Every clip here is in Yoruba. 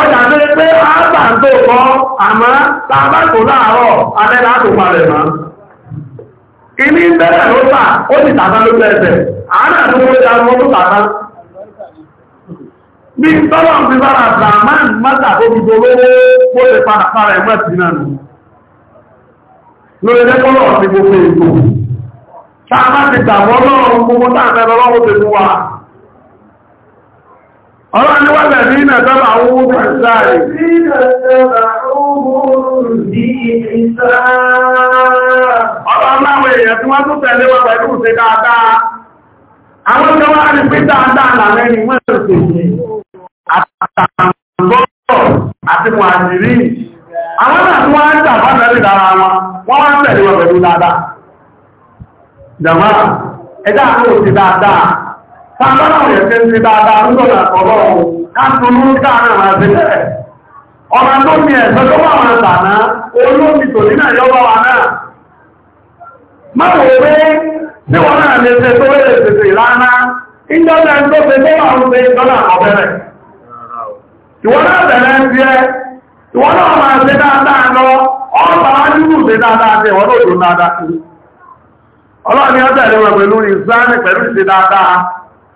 ọjà tó yẹ pé a gbà ń tó kọ́ àmọ́ tàbá tó láàárọ̀ abẹ́lá tó parẹ̀ mọ́ ìní bẹ̀rẹ̀ ló tà ó sì tàbá ló bẹ̀rẹ̀ àánà tó wọ́n ya wọ́n tó tàbá bí tọ́lọ̀ ti bára brahman mọ́ta tó fi dolówó ó lè padà parẹ̀ mọ́ sí náà nù lórí ẹgbẹ́kọ́lọ̀ ti gbogbo ètò tàbá ti gbà wọ́n lọ́rùn gbogbo tàbá lọ́rùn tó ti wà ọ̀rọ̀ ni wọ́n lẹ̀bí ìnà tọ́bà owó kàtàrí ọ̀rọ̀ láwọn èèyàn tí wọ́n tó tẹ̀lé wọ́n pẹ̀lú ṣe dáadáa àwọn tó rí pé dáadáa làmẹ́ni wọ́n Sàbáwọ̀ ẹ̀fẹ́ ti ndị dada ndọla pẹ̀lú pẹ̀lú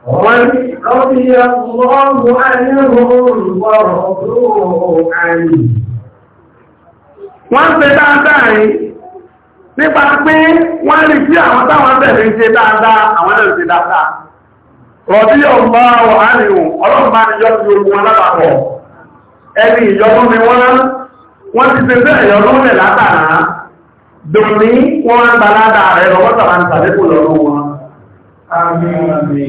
رضي الله عنهم ورضوا عنه wọ́n ṣe dáadáa yìí nípa pé wọ́n rí sí àwọn táwọn tẹ̀lé ń ṣe dáadáa àwọn ẹ̀rọ ṣe dáadáa rọ̀bí ọ̀gbà ọ̀rọ̀ ọlọ́pàá ni yọ́ sí ogun alábàpọ̀ ẹni ìyọ́nú ni wọ́n wọ́n ti ṣe rẹ̀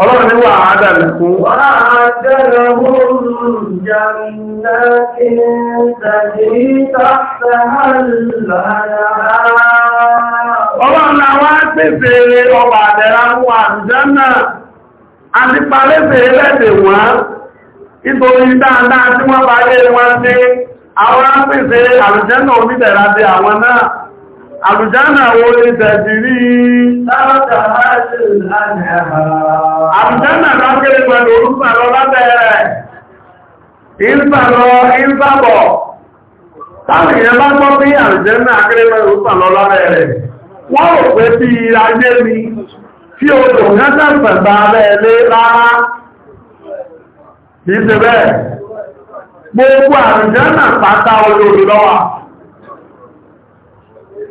Ọlọ́run ní wà ádàlẹ̀ fún. Wà ádàlẹ̀ oòrùn jàmìnà kí ń tàbí tàbí àlàrà. Ọlọ́run làwọn pèsè ọba àdẹ̀rà wà jẹ́nà, a ti palẹ́ fèrè lẹ́dẹ̀ wọ́n, nítorí dáadáa tí wọ́n bá yẹ́ wọn sí, àwọn pèsè àlùjẹ́nà onídẹ̀rà bí àwọn náà. Àbùjánà wo ni rí? pẹ̀lú bọ̀. Táwọn èèyàn bá gbọ́ bí àbùjánà kéré pẹ̀lú orúkà lọ Wọ́n rò pé ayé mi o pẹ̀lú ilé rárá. bẹ́ẹ̀. Gbogbo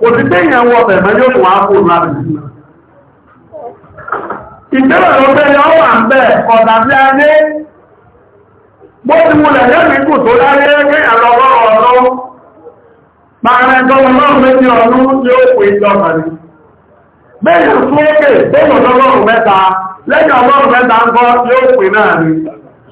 kò sí pé ìyẹn wọ bẹ̀rẹ̀ yóò tún wá fún un láti sí ìgbẹ́rẹ̀ ló bẹ́ yọ wà ń bẹ̀ ọ̀dà sí ayé bó ti múlẹ̀ lẹ́mí kù tó láyé ní àlọ́rọ̀ ọ̀rọ̀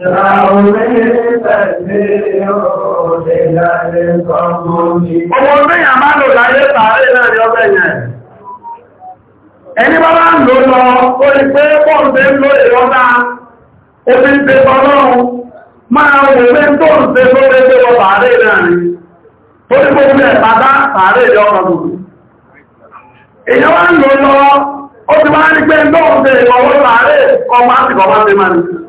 Ọmọ ọdúnyà máa lò láyé tààrí náà ni ọgbẹ̀ yẹn. Ẹni bá bá ń lò lọ, ó rí pé pọ́ǹdé ń lò ìrọ́dá, omi ń tẹ́gbọ́ lọ́run, máa wò pé tó ń tẹ́ ló rẹ́ pé wọ tààrí náà ni. Ó rí pé omi ẹ̀pàdá tààrí ìjọ́kọ̀ọ̀dùn. Èyàn wá ń lò lọ, ó ti máa ń rí pé tó ń tẹ́ ìwọ̀wọ́ tààrí ọmọ àti kọ̀ọ̀mọ́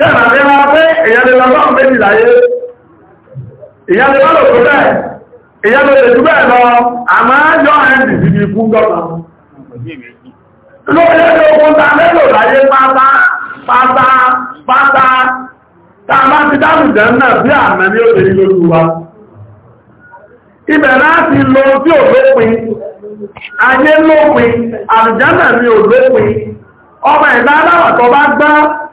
Tẹ́nà ní wọ́n pé ìyálẹ́lẹ́ ọlọ́run méjì láyé, ìyálẹ́lẹ́ ọlọ́run tó bẹ́ẹ̀, ìyálẹ́lẹ́ tó bẹ́ẹ̀ lọ, àmá yọ́ ẹ̀ndì sí ní láti lo ayé lópin, ni ọmọ ìdá aláwọ̀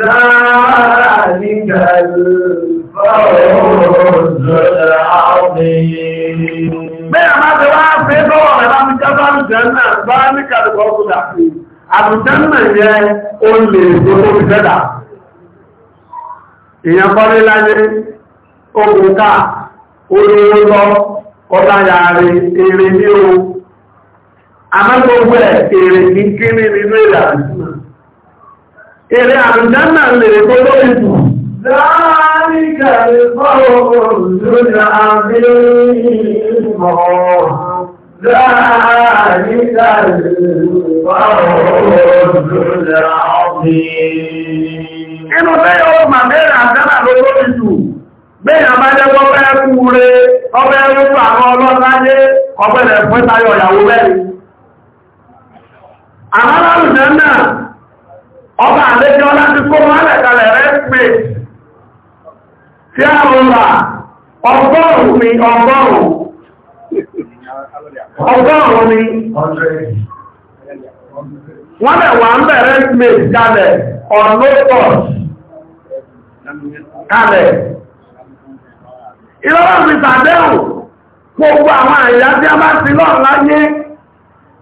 ذلك الفوز العظيم Bẹ́ẹ̀ máa ti wá pé bọ́wọ̀ rẹ̀ bá ń jẹ́ bá ń jẹ́ náà bá ní kàrìkọ́ ọkùnrin àti àbùjẹ́ náà yẹ o lè gbogbo èrè ní o. Àmọ́ gbogbo èrè ní nínú ìlànà èrè àrùdánà lè tó lórí jù láàrínkà lè fọ́wọ́ lórí àmì ìmọ̀ láàrínkà lè fọ́wọ́ lórí àmì inú bẹ́yẹ̀ ó mà mẹ́rin àdánà ló lórí jù bẹ́yẹ̀ bá jẹ́gbọ́ bẹ́ẹ̀ kú rẹ ọbẹ̀ rúrú àwọn ọlọ́láyé ọbẹ̀rẹ̀ fún tayọ ìyàwó mẹ́rin àwọn àrùdánà ọba àlejò láti kó mọ́lẹ̀kalẹ̀ rẹ̀ pé tí a rọrà ọgọ́rùn ni ọgọ́rùn ọgọ́rùn ni wọ́n lẹ̀ wà ń bẹ̀rẹ̀ pé kalẹ̀ ọ̀lọ́pọ̀ kalẹ̀ ìlọ́rọ̀ mi gbogbo àwọn àyà tí a bá ti lọ láyé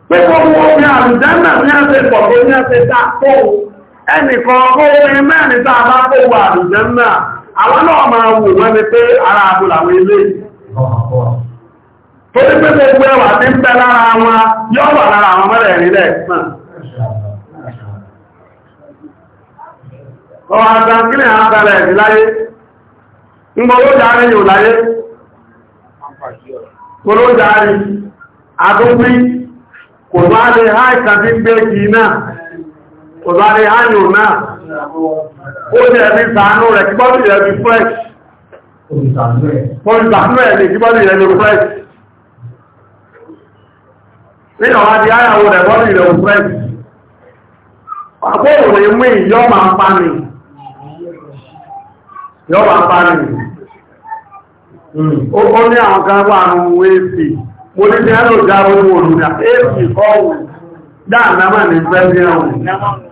pé gbogbo tó ní ẹnìkan ọgọ́rin mẹ́rin tàà bá kó wà ụwa náà àwọn náà máa wò wọ́n ni pé ara ilé tó ní pé gbogbo ẹwà tí ń lára wọn yóò wà lára àwọn mẹ́rẹ̀ rí lẹ̀ ọwọ́ járe àdúgbí kò bá lè háìkà tí gbé kìí náà ọ̀dá ni áyò náà ó jẹ́ ẹni sàánú rẹ̀ kí bọ́dì rẹ̀ bí fresh bọ́dì sàánú rẹ̀ ní kí bọ́dì rẹ̀ bí fresh ní ọ̀rá di áyàwó rẹ̀ bọ́dì rẹ̀ fresh mú pa pa ó ní àwọn mo ní ẹ́lò dáadáa mà ní fẹ́ bí ẹ̀wọ̀n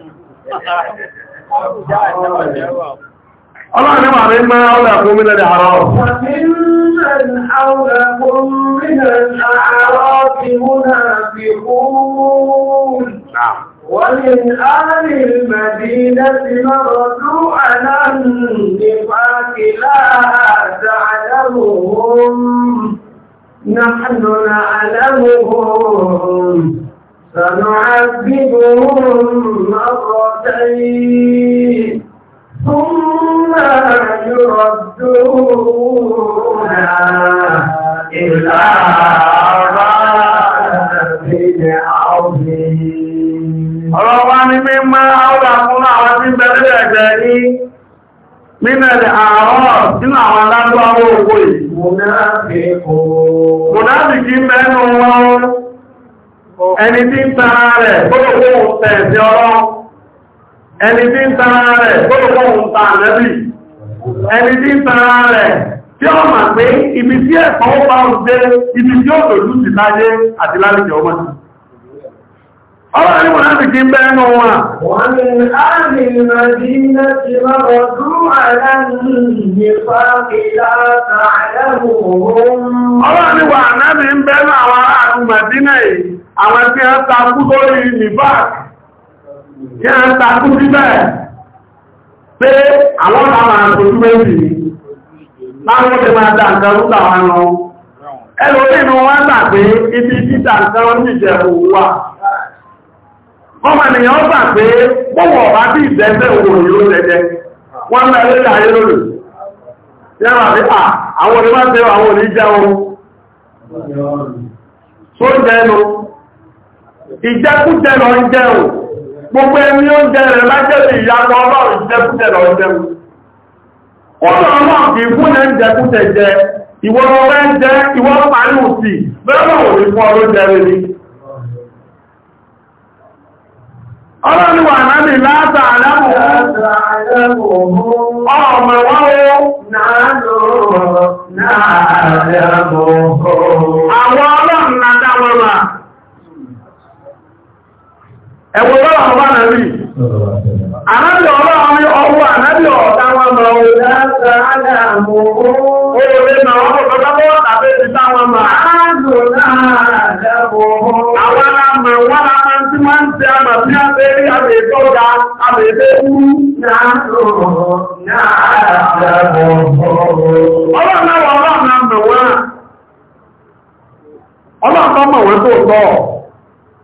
Ọlọ́run máa rí máa ọlọ́ ẹ̀kún mílẹ̀ ní àárọ̀. ومن أهل المدينة مردوا على النفاق لا تعلمهم نحن نعلمهم فنعذبهم مرتين ثم يردون إلى عذاب عظيم ọlọ́wọ́ ni mímọ́ àwọ́dà fún àwọn tí bẹ̀rẹ̀ ẹ̀jẹ̀ ní mínẹ̀lẹ̀ àárọ̀ sínú àwọn alágbàwọ̀ òkú ìlú. mùnáfíkì mẹ́nu wọn ẹni tí ń rẹ̀ gbọ́dọ̀gbọ́n tẹ̀sí ọlọ́run ẹni tí ń tara rẹ̀ gbọ́dọ̀gbọ́n ta ànẹ́bì ẹni tí ń tara rẹ̀ tí ó mà pé ibi tí ẹ̀kọ́ ó bá ibi tí ó lòlú sí láyé àti lálejò ọmọ sí ní wọ́n láti kí ń wọn àwọn tí wọ́n takú lórí nìbá tí wọ́n takú síbẹ̀ pé àwọn àmà àtòjú méjì láwọn tí máa dà nǹkan rúgbà wọn lọ ẹlòmí inú wọ́n gbà pé ibi títà nǹkan wọ́n jìjẹ̀ òwúwà ọzọ pé gbọ́wọ̀ bá bí yóò wọ́n ìjẹkújẹ lọ ń jẹ o gbogbo ẹni ó jẹ rẹ̀ lájẹ́lẹ̀ ìyàtọ̀ lọ ń o ọ̀nà ọlọ́run kì í fún ẹ̀ jẹ ìwọ ọwọ́ ń jẹ ìwọ pàánù sí bẹ́ẹ̀ wò ní fún ọdún jẹ rẹ̀ ọlọ́run ẹ̀wọ̀n lọ́wọ́ ọba nàbí ànábì ọlọ́run ní ọwọ́ ànábì ọ̀dá wọn lọ Olóòrè náà wọ́n tó tọ́gbọ́ tàbí ti táwọn mọ̀. Àádùn náà dẹ́wọ̀. Àwọn ahịa wọ́n lá máa ń tí wọ́n ń tẹ́ àmà bí a fẹ́ rí àmì tó ga, àmì tó kú. Náà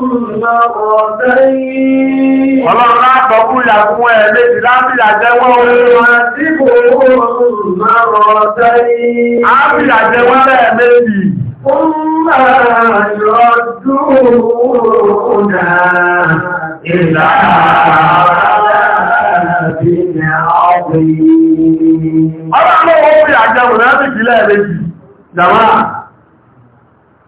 Ọlọ́run lápọ̀ kúlà fún ẹ̀ lébi lábìlà jẹ́wọ́ orílẹ̀-èdè tí kò rọrùn máa rọ̀ sẹ́yìn. Ábìlà jẹ́wọ́ lẹ́ẹ̀ méjì. Ó máa yọ dúró náà ìlà àbínà ọ̀gbìn. Ọlọ́run lọ́wọ́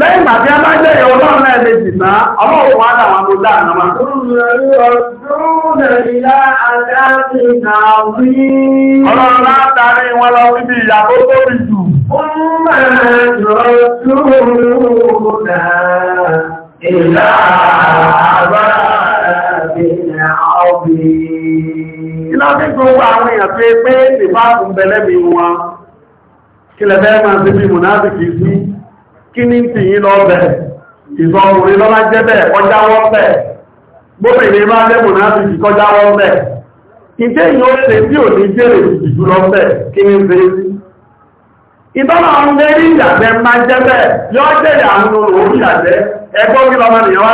lẹ́yìn ìgbà tí a bá jẹ́ ìyẹ̀wò náà náà lè jìnà ọlọ́run wá dà wọn tó dáa náà máa. ọlọ́run náà darí wọn lọ síbi ìyà tó tóbi jù. Iná tí gbogbo àwọn èèyàn pé pé ìbá kùn bẹ̀lẹ́bí wọn, kí lẹ bẹ́ẹ̀ máa ṣe bí mùnáfíkì sí kí ní ti yí lọ bẹ̀ ìsọ̀rùnrin lọ́lá jẹ́ bẹ̀ kọjá wọ́n bẹ̀ gbóbìnrin bá lẹ́mù náà ti fi kọjá wọ́n bẹ̀ ìdé yìí ó ṣe bí ò ní jèrè ìjù lọ bẹ̀ kí ní ṣe sí ìtọ́nà àwọn mẹ́rin ìyàgbẹ́ máa jẹ́ bẹ̀ yọ́ jẹ́rẹ̀ àwọn olùwò ìyàgbẹ́ ẹgbọ́n kí lọ́mọ nìyàn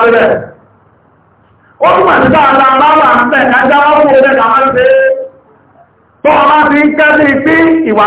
wá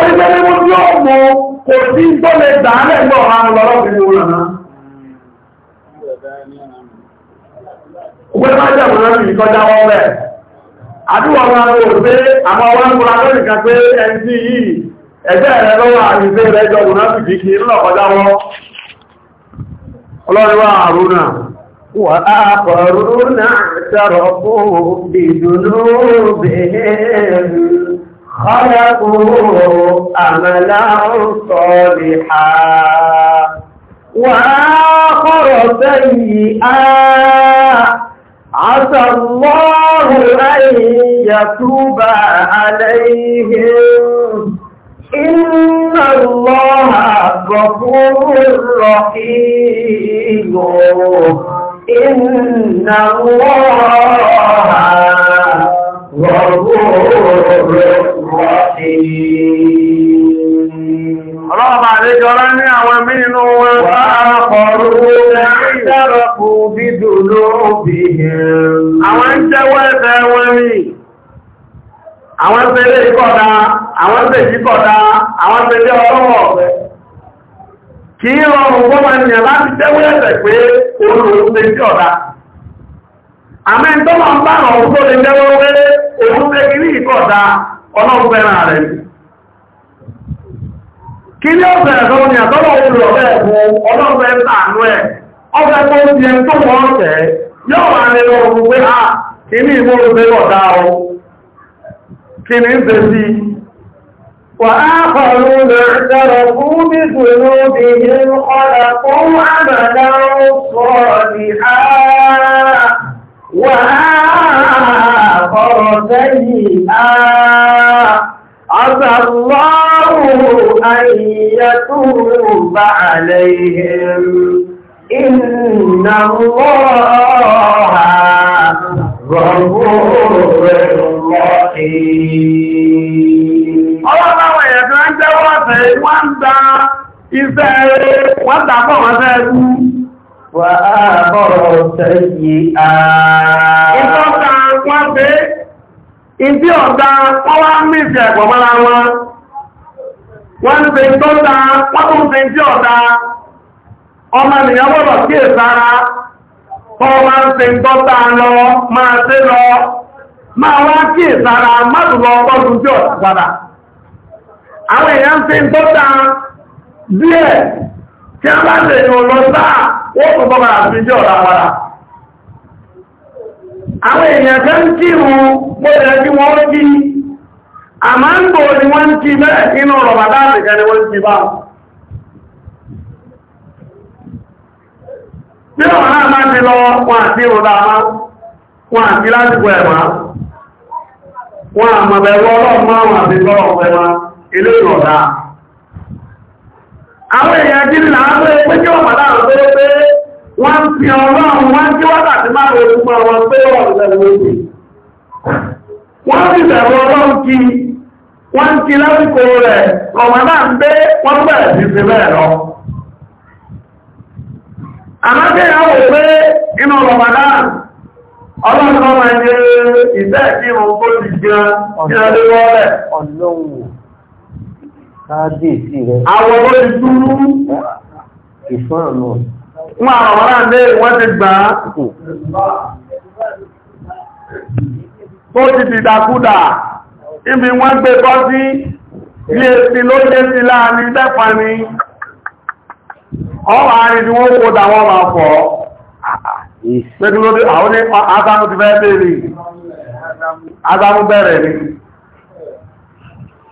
torí pẹ́lú mú tí ó mú kò sí tó lè dáálẹ̀ gbọ́ ọ̀rọ̀ lọ́rọ̀bìnrin wọn náà òpẹ́lẹ́ máa jẹ́ ọ̀rọ̀ lórí ìkọjá wọ́n rẹ̀ àdúwọ̀ wọn rò rẹ̀ خلقوا أملا صالحا وآخر سيئا عسى الله أن يتوب عليهم إن الله غفور رحيم إن الله Ọlọ́ọ̀bà àlejò ọlá ní àwọn ẹ̀mí inú wọn. Wà á kọrù ìdárọ̀kù bídò lóòbí ẹ̀rùn. Àwọn ń jẹ́wọ́ ẹ̀fẹ́ wọn rí. Àwọn ń pẹ̀lẹ̀ ìkọ̀dá, àwọn ń pẹ̀lẹ̀ ìkọ̀dá, àwọn ń pẹ̀lẹ̀ ọlọ́wọ̀ ọ̀fẹ́. Kì í rọrùn gbọ́mọ ènìyàn láti jẹ́wọ́ ẹ̀fẹ́ pé olùrùn òun tẹ́kì ní ìkọ̀dá ọlọ́gbẹ̀rẹ̀ rẹ̀ kí ní ọ̀bẹ̀rẹ̀ tó ní àtọ́lọ̀ olùrọ̀lẹ́ بذنوبهم خلقوا عملا صالحا وآخر سيئا عسى الله أن يتوب عليهم إن الله غفور رحيم ọlọ́pàá ẹ̀yẹ̀ tó ń jẹ́wọ́ ọ̀sẹ̀ wọ́n ń da wọ́n ń da fọ́wọ́sẹ́ wà á bọ̀rọ̀ sẹ́yìn àà. ìtọ́ka wọ́n pé ndị ọ̀dá wọ́n mmiri mìsì wọn wọ́n ń ṣe ìtọ́ta wọ́n ndị ṣe ìdí ọ̀dá ọmọ nìyàn gbọ́dọ̀ sí ìsára kọ́ wá àwọn èèyàn ń díẹ̀ tí a bá lè lọ sáà wọ́n tó bọ́ bàrà sí jẹ́ ọ̀rọ̀ àpàrà àwọn èèyàn tẹ́ tí wọ́n a máa ń gbò ní wọ́n tí bẹ́ẹ̀ inú ọ̀rọ̀ bàbá àtìkẹ́ ni wọ́n tí bá tí ọ̀rọ̀ náà máa ti lọ àti ìrọ̀dá àti ẹ̀mà àmọ̀bẹ̀wọ́ àwọn èèyàn ti là á pé pé kí wọ́n padà rọ̀ pé pé wọ́n fi ọlọ́run wọ́n kí wákàtí máa rò fún ọmọ pé wọ́n bẹ̀rẹ̀ lóde wọ́n sì bẹ̀rẹ̀ ọlọ́run kí wọ́n kí lásìkò rẹ̀ ń gbé wọ́n bẹ̀rẹ̀ kábíyèsí rẹ̀. àwọn ọmọ ìdúró. ìfọ́n àná. wọn àwọn aráàlú wọn ti gbà á. tó ti dìdàkudà ibi wọ́n gbé bọ́ sí bí èsì ló dé sí láàrin dẹ́pa ni ọwọ́ àárín ni wọ́n kó dáwọn máa fọ́ pẹ́kí ló dé àwọn ní àtàmù ti fẹ́ bèèrè àtàmù bẹ̀rẹ̀ ni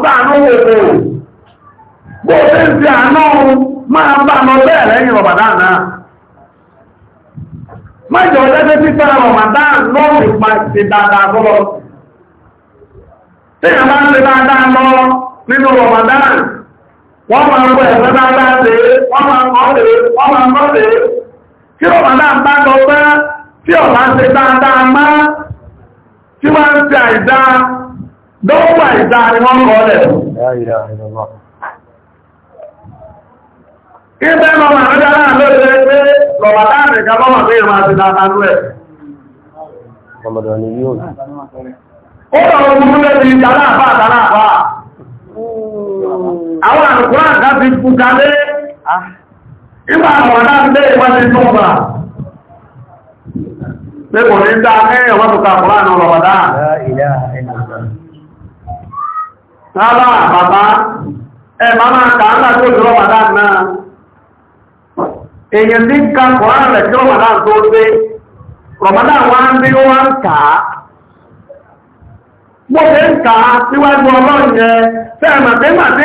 gbà ní òkú bó ṣe ń fi àánú máa bá lọ bẹ́ẹ̀ lẹ́yìn Ramadan náà májọ lẹ́gbẹ́ títà Ramadan lọ́wọ́ ìpa ti dáadáa tí ń dáadáa lọ nínú Ramadan wọ́n máa ẹ̀fẹ́ dáadáa lè wọ́n máa ń lè kí dọ́gbà ìta ni kọ́ lẹ̀ Ibẹ́ mọ́mà rẹ̀ náà lórí ẹgbẹ́ lọ̀bà láàrin ìjọ mọ́mà pé ìrìn àti ìdátanú ẹ̀. Ọmọdé ni yóò. Ó lọ̀rọ̀ mú lẹ́bí ìjàlá àbá àtàrà àbá. Àwọn àrùkú àgbà ah. ti kú rárá bàbá ẹ máa máa kà na láti ojú rọmọdán náà èyàn tí ka kọ̀ọ̀rán rẹ̀ tí rọmọdán tó dé rọmọdán wá ń bí wá ń kà á mo ṣe ń kà á síwájú ọlọ́run yẹn tẹ́ ẹ̀ màtí màtí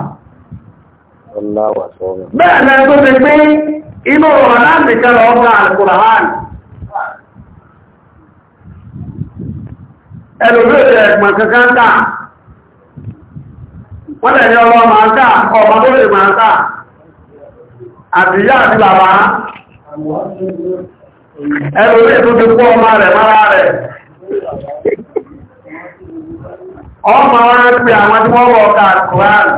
bẹ́ẹ̀ lẹ́yìn tó ti pín inú ọ̀rọ̀ láti kẹrọ ọgbà alìkùnrin ẹlòmí òjò ẹ̀gbọ̀n kankan ká wọ́n lẹ̀ ọmọ máa ká tó ti kú ọmọ rẹ̀ mara rẹ̀ ọmọ wọn àwọn tí wọ́n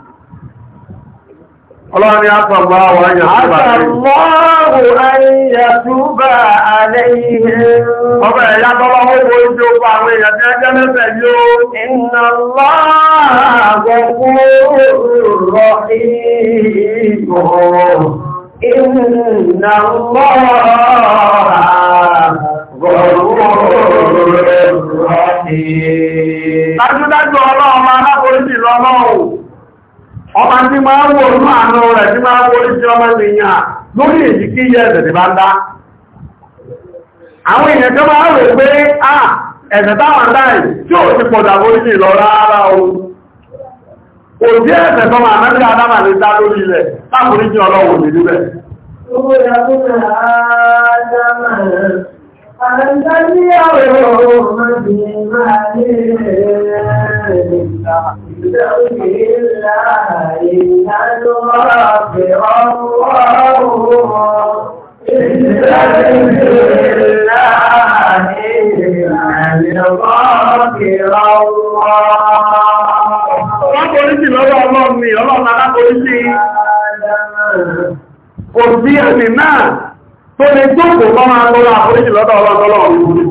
Ọlọ́run ni a sọ bá wà ní àtàlọ́rù ayé túbà aléyìn. Ọba ẹ̀yà tọ́lọ́ owó ojú ọkọ̀ àwọn èèyàn tí a jẹ́ mẹ́fẹ̀ yóò. Iná láàgbọ̀gbọ̀ rọ̀ ìgbọ̀. Iná láàgbọ̀gbọ̀ rọ̀ ìgbọ̀. ọba tí máa wọ inú àánú rẹ̀ tí máa wọ orí sí ọmọ ènìyàn lórí èdè kí yẹ ẹ̀sẹ̀ dị bá ń dá àwọn èèyàn tó máa rẹ̀ pé à ẹ̀sẹ̀ táwọn dáì tí ti pọ̀dà orí sí lọ rárá o kò ẹ̀sẹ̀ tó máa mẹ́rin adámà lè dá lórí rẹ̀ ọlọ́wọ̀ níbẹ̀ بحمد الله المغفر الله بحمد Kò sí ẹni náà tó lè jókòó kọ́ máa lọ́wọ́ àkòóṣí lọ́dọ̀ ọlọ́run lọ́wọ́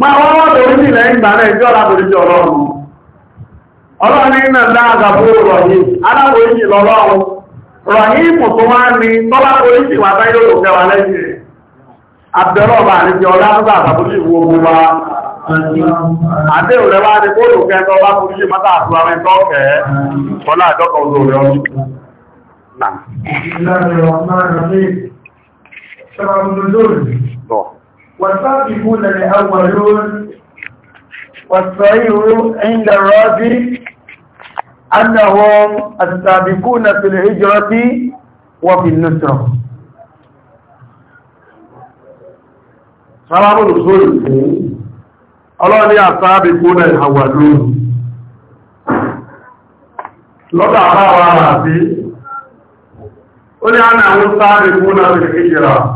ma wọ́n wọ́n lórí sí lẹ́yìn ìgbà náà ìjọ́ aláboríjì ọlọ́run ọlọ́run ní náà dá àgàbó rọ̀yìn aláboríjì lọ́lọ́run rọ̀yìn mù tó wá ní tọ́láboríjì wà táyé ló kẹwà lẹ́yìn rẹ̀ abẹ́rọ̀ bá àríjì wa ní والسابقون الأولون والصحيح عند الرازي أنهم السابقون في الهجرة وفي النصرة سلام الرسول الله ni السابقون الأولون lọ́dọ̀ àwọn àwọn àti ó ní àwọn àwọn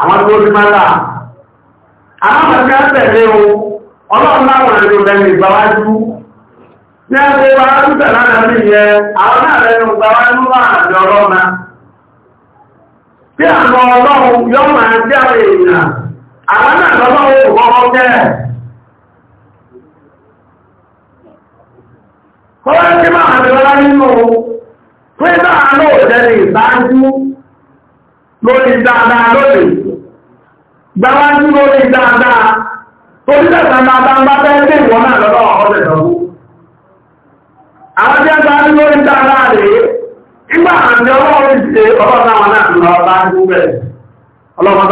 àwọn tó rí mẹ́ta alámọ̀kẹ́ tẹ̀lé o ọlọ́run láwọn tí àwọn ọlọ́run yọ́ máa ń èèyàn àwọn náà lọ́lọ́run jẹ́ kọ́lá tí máa lọ́lá nínú lórí dáadáa lórí gbáwájú lórí dáadáa torí máa bá ń bá fẹ́ dé ìwọ náà ìdánwò àwọn lórí dáadáa rẹ̀ ọlọ́run ti ṣe ọlọ́run náà náà bá ń ọlọ́run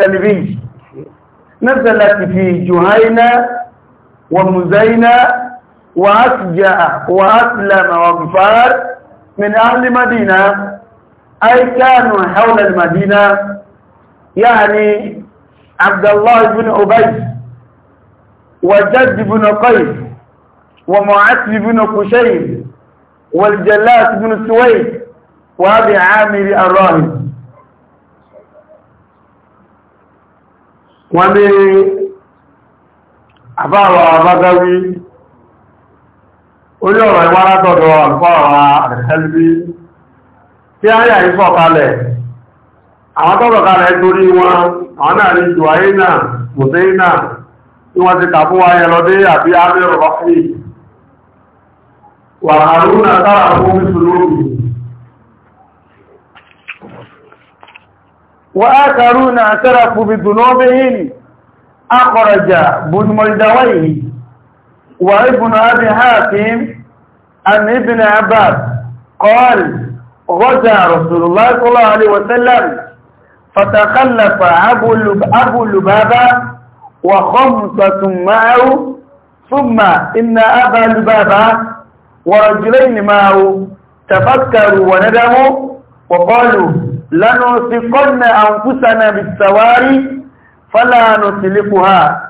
bá نزلت في جهينة ومزينة وأسجع وأسلم وغفار من أهل مدينة أي كانوا حول المدينة يعني عبد الله بن أبي وجد بن قيس ومعتب بن قشير والجلاس بن سويد وأبي عامر الراهب wọ́n ní àbáwọ̀ abágáwí orí ọ̀rọ̀ ìwá látọ̀dọ̀ àlùfáàwà àrẹ̀sẹ́lbí tí a yà ìfọ̀ kalẹ̀ àwọn tọ́rọ̀ kalẹ̀ torí wọn àwọn náà ní jù tí wọ́n ti kàfún wa àbí amẹ́rọ̀ wà وآخرون اعترفوا بذنوبهم أخرج بن ملدويه وابن أبي حاتم عن ابن عباس قال غزا رسول الله صلى الله عليه وسلم فتخلف أبو, لب... أبو لبابة معه ثم إن أبا لبابة ورجلين معه تفكروا وندموا وقالوا لنوثقن أنفسنا بالسواري فلا نسلكها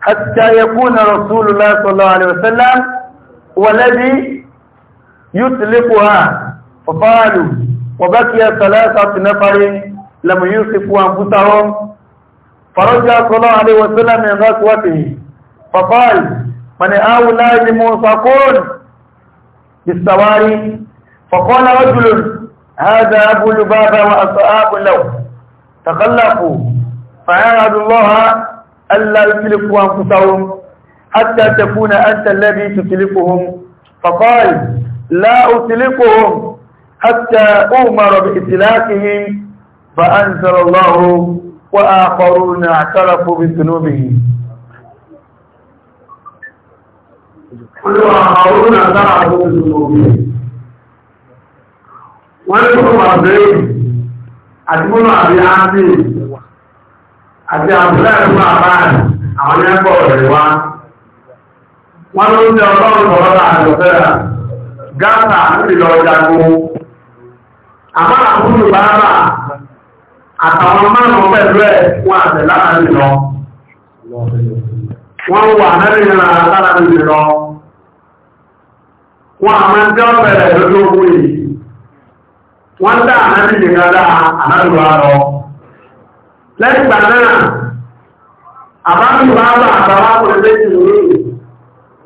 حتى يكون رسول الله صلى الله عليه وسلم والذي يسلكها فقالوا وبقي ثلاثة نفر لم يوصفوا أنفسهم فرجع صلى الله عليه وسلم من غزوته فقال من هؤلاء الموثقون بالسواري فقال رجل هذا أبو لبابة وأصحاب له تخلقوا فعاهدوا الله ألا يتلفوا أنفسهم حتى تكون أنت الذي تتلفهم فقال لا أتلفهم حتى أمر بإتلافهم فأنزل الله وآخرون اعترفوا بذنوبهم وآخرون اعترفوا بذنوبهم wọ́n ní fún àbẹ́rẹ́ àti àbí áńtì àti àwọn wọ́n ló àtàwọn márùn-ún pẹ̀lú ẹ̀ wọ́n àtẹ̀ lọ wọ́n wà mẹ́rin lára lára lọ wọ́n jẹ́ lójú ogun yìí wọ́n dá ànábì nìkan dá lẹ́gbà náà àbábìwá bá àbáwákùnrin méjì lórí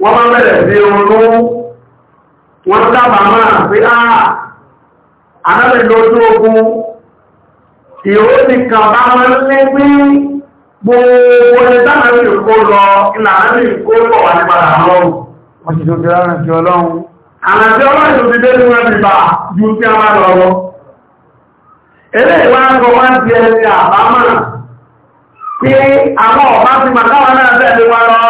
wọ́n bá bẹ̀rẹ̀ sí wọ́n dábà máa pé á lójú ogun bá wọ́n ní pé gbogbo ní lọ ìlànà ìkó lọ wà nípa wọ́n àwọn tí ọlọ́run yóò fi dé ní wọn bìbà ju tí a máa lọ lọ eléyìí wá ń kọ wá ń di ẹni àbámọ̀ pé àwọn ọ̀bá ti mà káwọn náà tẹ̀lé wa lọ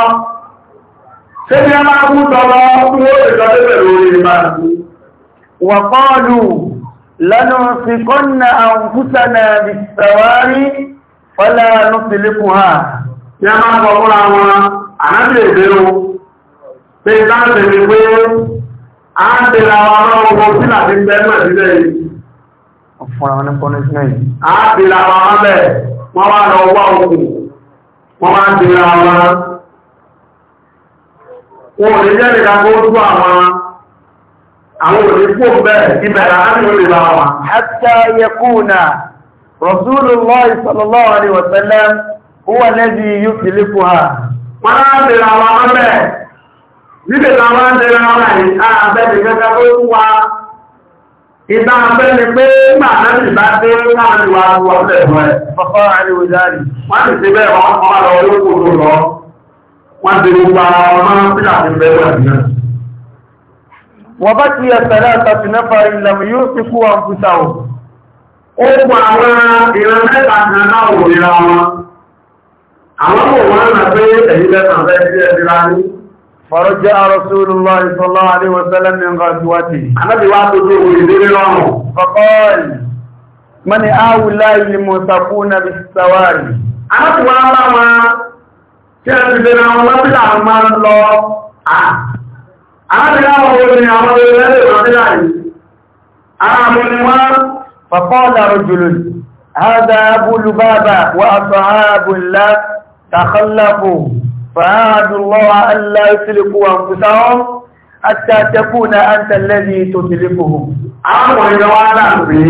ṣé bí a máa kú tọrọ tí wọ́n lè lọ débẹ̀ lórí ìbá وقالوا لنعفقن أنفسنا بالسواري فلا نطلقها يا ما قولوا àwọn ànábì ìbẹ̀rù pé ìbá ń tẹ̀lé a ń tẹ̀lé àwọn aláwọ̀ sí láti ń bẹ́ẹ̀ a ń tẹ̀lé àwọn abẹ́ wọ́n wá lọ wá òkú wọ́n máa ń tẹ̀lé àwọn wọn ò lè jẹ́ nìkan kó tú àwọn àwọn ò lè kó bẹ́ẹ̀ ìbẹ̀rẹ̀ á ní olè Níbi ìtàwọn àndẹ̀rẹ̀ ara yìí, àbẹ́bẹ̀ gẹ́gẹ́ tó wa ìta abẹ́ni pé nígbà náà bá dé láàrin wa wọ ọ̀lẹ̀ ẹ̀rọ ẹ̀. Bọ́kọ́ àríwò jáde. Wọ́n ti ti bẹ́ẹ̀ wọ́n kọ́ lọ olóko tó lọ. Wọ́n ti gbogbo ọmọ ti bẹ́ẹ̀ wà náà. Wọ́n bá ti ẹ̀sẹ̀lẹ̀ àtàtì mẹ́fà yóò ti kú o. Ó kú àwọn ìran mẹ́ta kan náà wò wọn. Àwọn kò wọ́n rà pé فرجع رسول الله صلى الله عليه وسلم من غزوته النبي واقفه يديره فقال من هؤلاء الموثقون بالسواري àti wọ́n láwọn tí a ti bèèrè àwọn lábílà máa ń lọ àárín àwọn olórin àwọn olórin lábílà yìí ààbò ni wọ́n فقال رجل هذا أبو لبابة وأصحاب لا تخلفوا فعادوا الله ألا يسلكوا أنفسهم حتى تكون أنت الذي تسلكهم àwọn ìjọ wá náà pé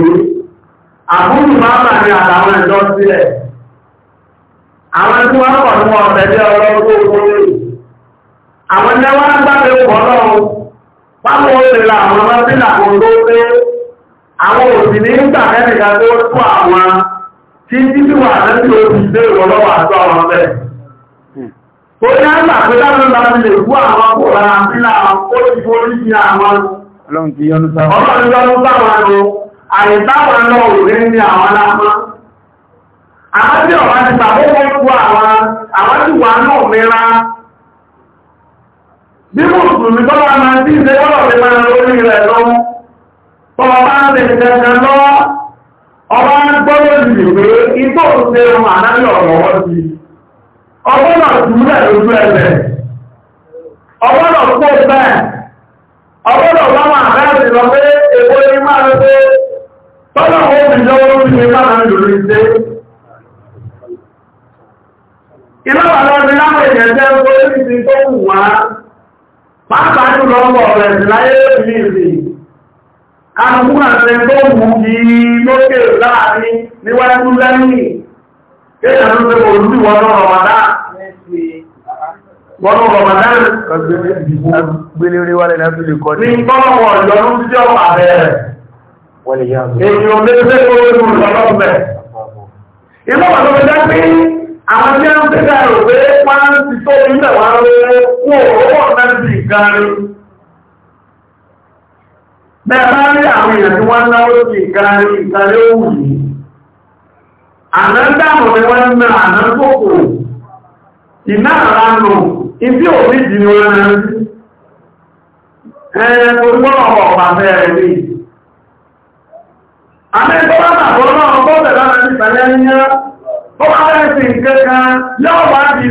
àbúrú máa bà ní àtàwọn ẹ̀jọ́ sílẹ̀ àwọn tí wọ́n pọ̀ ní wọn tẹ̀lé ọlọ́run tó kórè àwọn ilẹ̀ wọ́n gbáfẹ́ pọ̀ lọ́run pápọ̀ òṣè làwọn ọmọ sí làwọn pé àwọn òsì ní ìgbà tó àwọn tí onye ní àgbà pé lábẹ́ bá lè wú àwọn ọkùnrin àmìlà olùfò oríṣi àwọn náà ní àwọn àwọn tí ti àwọn àwọn tí wà náà mẹ́ra bí ní tọ́lá máa tí ìṣẹ́ ọ̀rọ̀ mi máa lórí rẹ̀ lọ́wọ́ tọ́wọ́ ọba ọgbọ́nà túnlẹ̀ lójú ẹ̀bẹ̀ ọgbọ́nà kó bẹ́ẹ̀ ọgbọ́nà báwọn àbẹ́rẹ̀ lọ pé èwo ní máa ń pé tọ́lá ó fi lọ́wọ́ lórí ní máa ń lòrí ṣe ìlọ́wà lọ ní láwọn èèyàn jẹ́ ó na anyị n'iwe ndị kéèyàn ló fẹ́ wọ́n ní wọ́n rọ̀mọ̀dá orí wálẹ̀ láti lè kọ́ ní gbọ́nàwọ̀ ìyọnú tí ó bà bẹ̀rẹ̀ èyàn lè fẹ́ wọ́n ní bẹ́ẹ̀ bá rí àwọn èèyàn tí náwó sí ìkárí ìkárí òwú àná dáàmù ni wọ́n ná àná kòkò iná àránù ibi òbí jì ní wọ́n rán ẹ̀yẹn tó gbọ́nà ọ̀pàá fẹ́ẹ̀rẹ̀ ní àmẹ́gbọ́nà àbọ́nà ọgbọ́bẹ̀ lára ní ìpẹ̀lẹ̀ ní bọ́bá rẹ̀ sí ìkẹ́kẹ́ yọ́ pé kí rí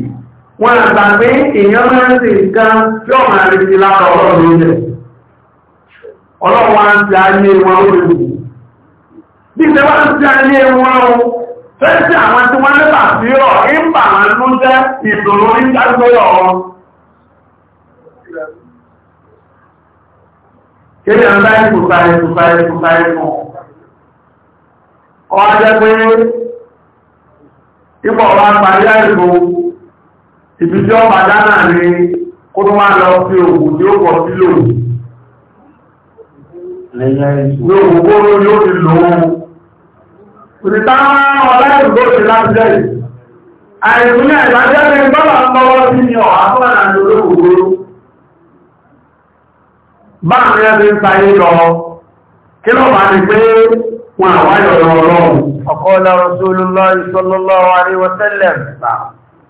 wọn àgbà pé èèyàn máa ń ṣe nǹkan tí ọ̀nà àrètí lára ọlọ́run ilẹ̀ ọlọ́run wa ń ti ayé wọn lórí bí ṣe wá ń ti ayé wọn o fẹ́ẹ̀sì àwọn tí wọ́n lẹ́bà sí ọ̀ ń bà wọn ló jẹ́ ìdòrò ń dágbéyọ̀ jẹ́ pé ipò wa parí ibi tí ọba dáná ni kó tó máa lọ sí tí ó pọ̀ sí lòun ní òògùn ló yóò ti lòun ó òtítà ti láti jẹ́ àìsúnlẹ̀ ní bọ́lá ń bọ́wọ́ sí ni ọ̀há tó wà bá ń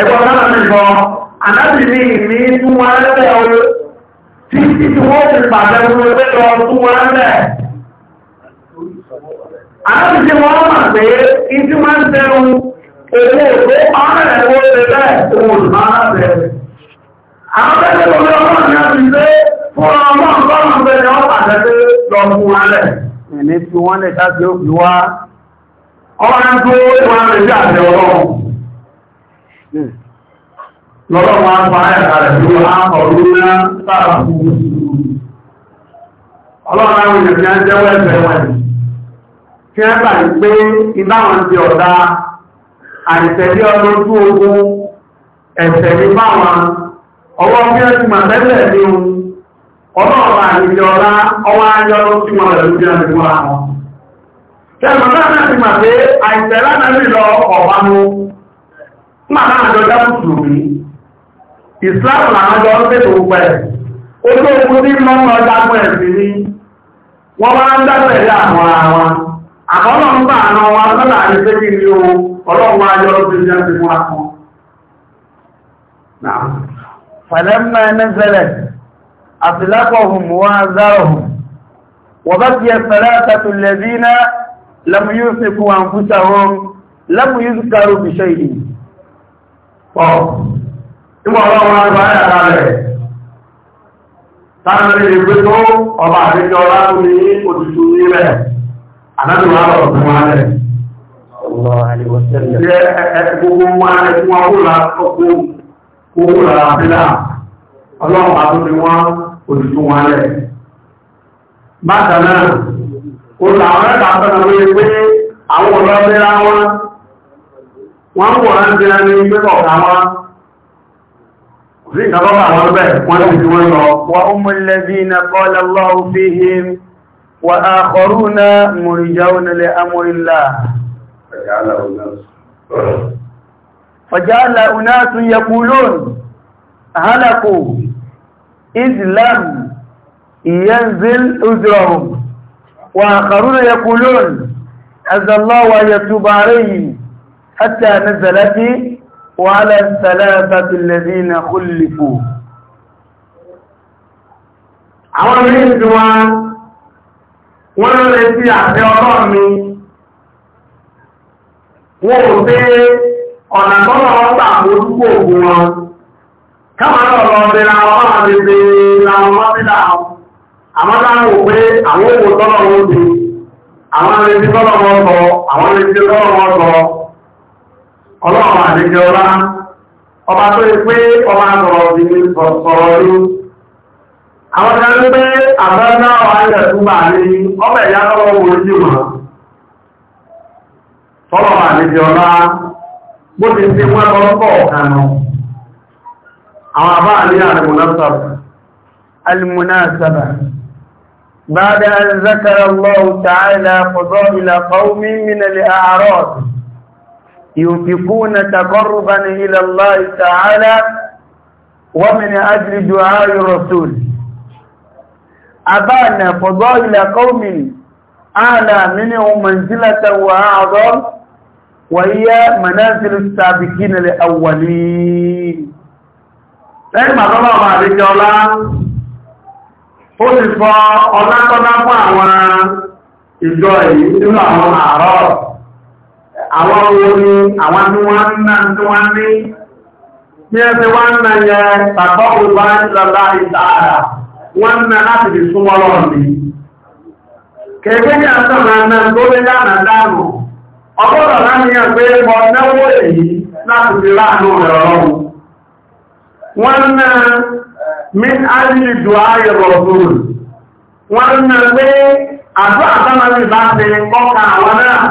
ẹ̀gbọ́n náà ní ìbọn ànábì ní ìní tún wọn lẹ́lẹ̀ orí tí tí tí wọ́n ti pàdé orí pé lọ tún wọn lẹ́lẹ̀ ànábì tí wọ́n mọ̀ pé ìdí máa ń tẹnu owó òkú ọ̀rẹ́ ẹ̀wọ́ ṣe bẹ́ẹ̀ òun ò máa bẹ̀rẹ̀ àwọn tẹ́lẹ̀ orí ọmọ ní a ti gbé fún ọmọ ọgọ́rùn-ún bẹ́ẹ̀ ni wọ́n pàdé pé lọ fún wọn lẹ̀ ẹ̀ní fi wọ́n lẹ̀ dájú ó fi wá ọ̀rẹ́ tó wọ́n lè jẹ́ àjẹ́ ọlọ́run lọ́rọ̀ wọn pa ẹ̀ka rẹ̀ tó àkọ̀rú náà sára fún ọlọ́run àwọn èèyàn tí a ń ní pé ti ọ̀dá àìtẹ̀lé ọdún tó ogun ní ọwọ́ bí ó ti tẹ́lẹ̀ ní ohun ọwọ́ wọn rẹ̀ lójú wọn náà ti pé àìtẹ̀lá náà lè lọ ọ̀bánu máa náà òbí ìsìláàmù làwọn jọ ń tètò pẹ̀ ojú ogun ní lọ́nà dágbọ́ ẹ̀sìn ni wọ́n wá ń dágbọ́ ẹ̀rí àwọn ara wọn àkọ́nà ń bá àna wa lọ́nà àrífẹ́ kí ni o ọlọ́run ajọ́ ló ti jẹ́ ti múra kan. فلما نزلت أطلقهم وأنذرهم وبقي الثلاثة الذين لم يوثقوا أنفسهم لم يذكروا بشيء. Nígbà ọlọ́run wọn gba ẹ̀yà kalẹ̀. Táwọn ẹni ìgbé tó ọba àdéjọ láti ní òtútù ní rẹ̀. Àdájọ́ nwa lọ fún wa rẹ̀. Ṣé gbogbo wọ́n kó la kókó wọn rí ìkàlọ́wà àwọn ọ̀bẹ̀ wọ́n lè fi wọ́n lọ. wà ó mú lẹ́bí na qala Allahu fihim wà á kọrú na mùrìjáwó nílẹ̀ amúrìlá. وعلى الثلاثة الذين خلفوا àwọn mìíràn tí wọ́n wọ́n rẹ̀ sí àṣẹ ọlọ́run mi wọ́n ò pé ọ̀nà tọ́lọ̀ ọgbà àmójúkò ògùn wọn káwọn ọ̀rọ̀ ọ̀bẹ̀rẹ̀ àwọn àbẹ̀bẹ̀ làwọn mọ́bílà àwọn láwọn ò pé àwọn òwò ọlọ́run àdíjẹ́ ọlá ọba tó yẹ pé ọba sọ̀rọ̀ rí àwọn ìjọ ní pé àbẹ́ná ọ̀hánilẹ̀ tó bà ní ọmọ ẹ̀yà lọ́wọ́ ojú mọ̀ ọlọ́run àdíjẹ́ ọlá bó ti wọ́n بعد أن ذكر الله تعالى قوم من الأعراض يوفقون تقربا إلى الله تعالى ومن أجل دعاء الرسول أبانا فضائل قوم أعلى منهم منزلة وأعظم وهي منازل السابقين الأولين لما طلع ما جولا قل فأنا طلع معنا الجوي إلا هم àwọn orí àwọn tí wọ́n ń ná tí wọ́n ní ní ẹsẹ̀ wọ́n ń yẹ tàbí ọgbà ìlàlá ìdára wọ́n ń láti fi súnmọ́ lọ́rọ̀ mi kẹ̀kẹ́ ní àtàrà náà tó lé lánàá dáàrù ọgbọ́dọ̀ láníyàn pé mọ náwó èyí láti fi láàánú rẹ̀ wọ́n mí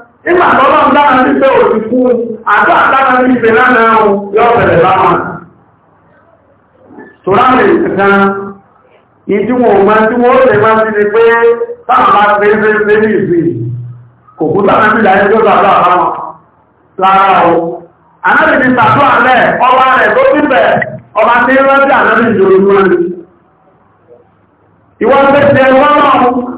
nígbà tó lọ́n dára sí pé atụ kú àtọ́ àtàrà sí ìpè lánàá ahụ. bẹ̀rẹ̀ láwọn tòrálẹ̀ ìtìkan ìdíwọ̀n ọmọ tí wọ́n lè máa pé na pé ṣe ṣe ní ìsìn kò kú sáàmà sí ìdájẹ́ tó ọba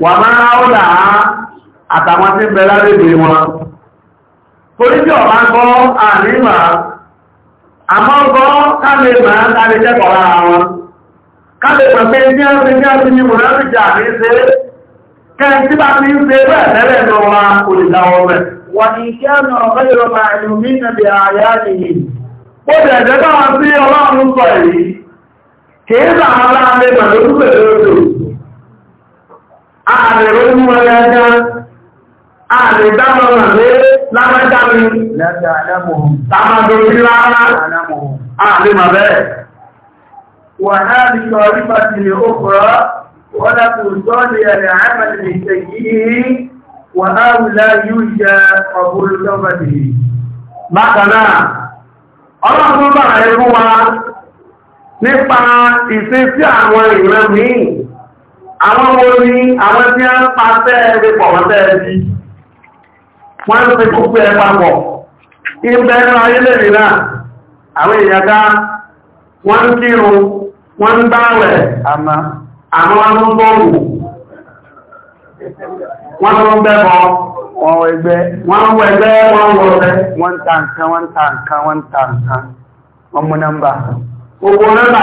wà máa ó dà á àtàwọn tí ń bẹ lábẹ́bẹ̀ wọn torí tí ọ̀rá gọ́ àníwà àmọ́ gọ́ káàlẹ̀ máa káàlẹ̀ kẹ́kọ̀ọ́ lára wọn káàlẹ̀ pẹ̀pẹ́ tí ó ti jẹ́ ti ní mùnàfíjà ní ṣe kẹ́ẹ̀ tí bá ti ń ṣe bẹ́ẹ̀ tẹ́lẹ̀ ààrẹ̀rẹ̀ ó mú ọ̀rẹ́ ajá ààrẹ̀ dámọ̀ rẹ̀ lágbàjámi bẹ́ẹ̀ wà náà bí sọ rípa sí lè ó kọ̀ọ́ wọ́n lápò sọ́ọ̀lẹ̀ ẹ̀rẹ̀ àmàlẹ̀ ìṣẹ̀yí wà náà wùlá yóò jẹ ọ̀bùrù lọ́bàdì bákanáà ọlọ́run bàrẹ̀ fún wa nípa àwọn àwọn wo ni àwọn tí a ń pa tẹ́ẹ̀rẹ́ pọ̀ wọ́n wọ́n ń fi púpọ̀ ẹ papọ̀ ìgbẹ́ ẹ̀rọ ayélẹ̀ mìíràn àwọn ìyàgá wọ́n kírun wọ́n ń gbáwẹ̀ àmà àwọn amúgbòrò wọ́n ló ń bẹ́bọ wọ́n ta ta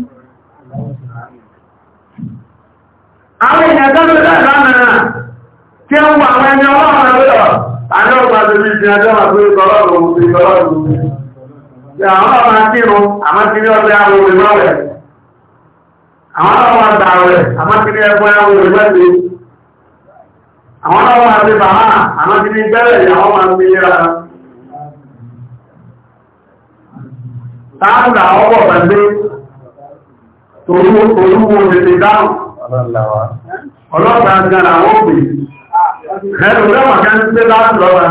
àwọn èèyàn tẹ́lú lẹ́lánàá tí ó ọmọ akírun àmọ́kiri àwọn olùmọ́rẹ̀ àwọn ọmọ àgbàrẹ̀ àmọ́kiri ẹgbẹ́ àwọn olùmọ́rẹ̀ àwọn ọmọ àti bàbá àmọ́kiri gbẹ́rẹ̀ ìyàwó máa dáhùn ọlọ́pàá gan àwọn òbí ẹnu lọ́wọ́ kan ń pé láti lọ́wọ́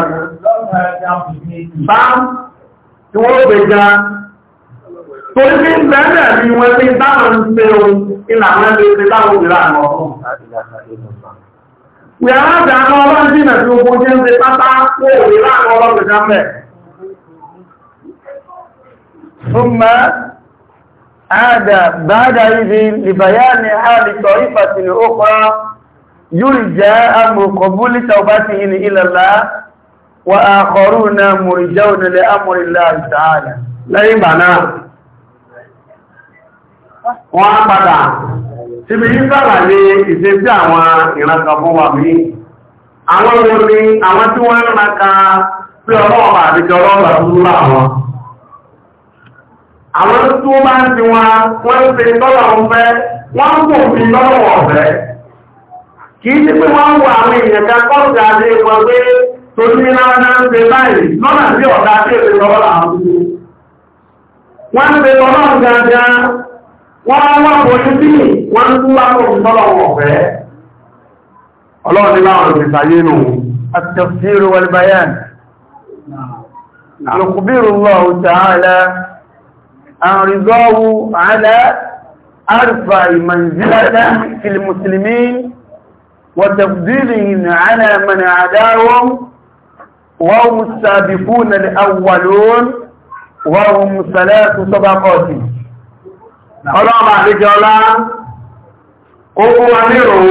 bá tí wọ́n gbé ga torí ní bẹ́ẹ̀rẹ̀ ni wọ́n ti dáwọn ń pé ohun ìlànà ẹgbẹ́ ti dáwọn òbí láàrín ọkùnrin Ìyàrá àdáná ọlọ́run jìnà عاد بعد إذ لبيان حال طائفة أخرى يرجى أمر قبول توبتهم إلى الله وآخرون مرجون لأمر الله تعالى lẹ́yìn bà náà wọ́n á padà síbi yí sàlàyé ìṣesí àwọn ìrànkà fún wa bí àwọn orin àwọn tí wọ́n ń rànkà pé ọlọ́ọ̀bà àti ọlọ́ọ̀bà tó láwọn àwọn tó bá ń ti wọn wọ́n ń tọ́lọ̀ ń fẹ́ wọ́n kò fi lọ́wọ́ ọ̀fẹ́ kìí sí pé wọ́n wọ àwọn èèyàn ká kọ́ọ̀tà àti ìwọ̀n pé tó ní láwọn ń ṣe báyìí lọ́nà sí ọ̀dá sí èdè lọ́wọ́ làwọn wọ́n ń ṣe tọ́lọ̀ gangan wọ́n wọ́n bójú sí wọ́n ń tún wọ́n fi tọ́lọ̀ ọ̀fẹ́ أعرضاه على أرفع منزلة في المسلمين وتفضيلهم على من عداهم وهم السابقون الأولون وهم ثلاث طبقات ọlọ́ọ̀bà àríkẹ́ọlá ó kú wa ní ìrò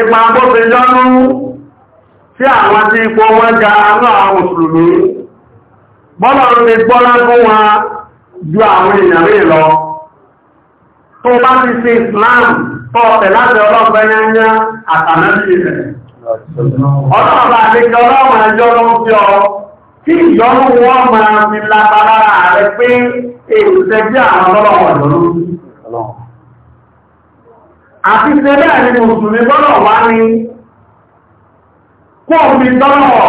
ipa bóbi lọ́nú tí àwọn tí ipò wọ́n ga ní àwọn òṣèlú bọ́lọ̀ ní gbọ́lá fún wa ju àwọn èèyàn rí lọ tó bá ti ṣe Islam tó ọ̀tẹ̀ láti ọlọ́pẹ́ yányá àtànábì rẹ̀ ọlọ́pàá àdéjọ ọlọ́run ẹjọ́ ló ń fi ọ tí ìyọnu wọn máa fi lábalára rẹ pé èrò tẹ́jú àwọn ọlọ́wọ̀ lọ́rùn àti tẹ́lẹ̀ ní mùsùlùmí gbọ́dọ̀ wá ní kó omi tọ́lọ̀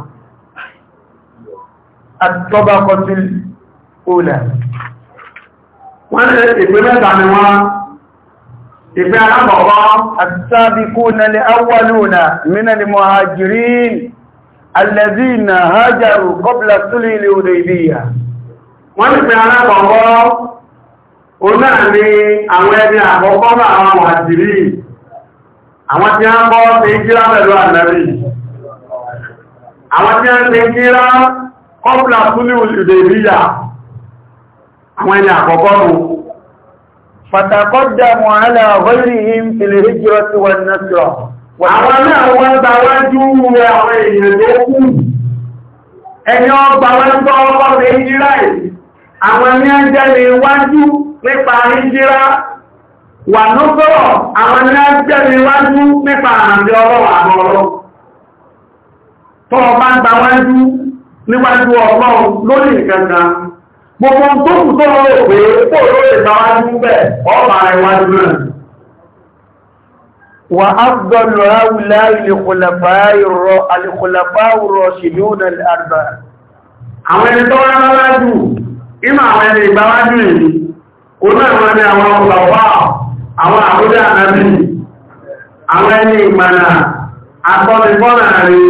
A òlà wọ́n ní ìpé mẹ́ta ni wọ́n ìpé alábọ̀bọ́ àtàbíkúnà lè awwalúnà mínà na muhajirin alẹ́zínà hajjaru kọ́bla súlì ilẹ̀ òdèdíyà wọ́n ní ìpé alábọ̀bọ́ oná ní àwọn ẹni àkọ́kọ́ bá àwọn muhajirin àwọn tí a awon ti jíra pẹ̀lú ànàrí a kọ́pùlà súnlẹ̀ ìdè ìrìyà àwọn ẹni àkọ́kọ́ nù fàtàkọ́dà mọ̀hálà ọ̀gọ́rì ìhìn fil hijrati wan nasra àwọn náà wọ́n gbà wájú rẹ̀ àwọn èèyàn tó kú ẹni ọgbà wọ́n tọ́ ọkọ̀ rẹ̀ ìjírá ẹ̀ àwọn níwájú ọlọ́run lórí ìkankan gbogbo tó kù tó lọ pé ó lórí ìgbàwájú bẹ̀ ọmọ àìwájú náà wà á gbọ́nà áwùlá alìkòlàfáàrọ̀ ṣìlúùnà àrùbà àwọn ẹni tó wá láwájú ìmọ̀ àwọn ẹni ìgbàwájú yìí ó náà àbúdá ànábì àwọn ẹni ìgbàna agbọ́nifọ́nà rèé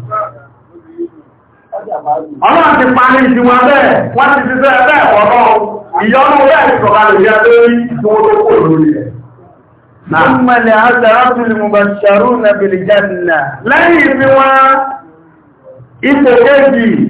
ọlọ́run ti parí ìdíwọ́ bẹ́ẹ̀ wọ́n ti ti bẹ́ẹ̀ ọ̀rọ̀ ìsọ̀kalẹ̀ ìyá lórí tó kò lórí rẹ̀. Lẹ́yìn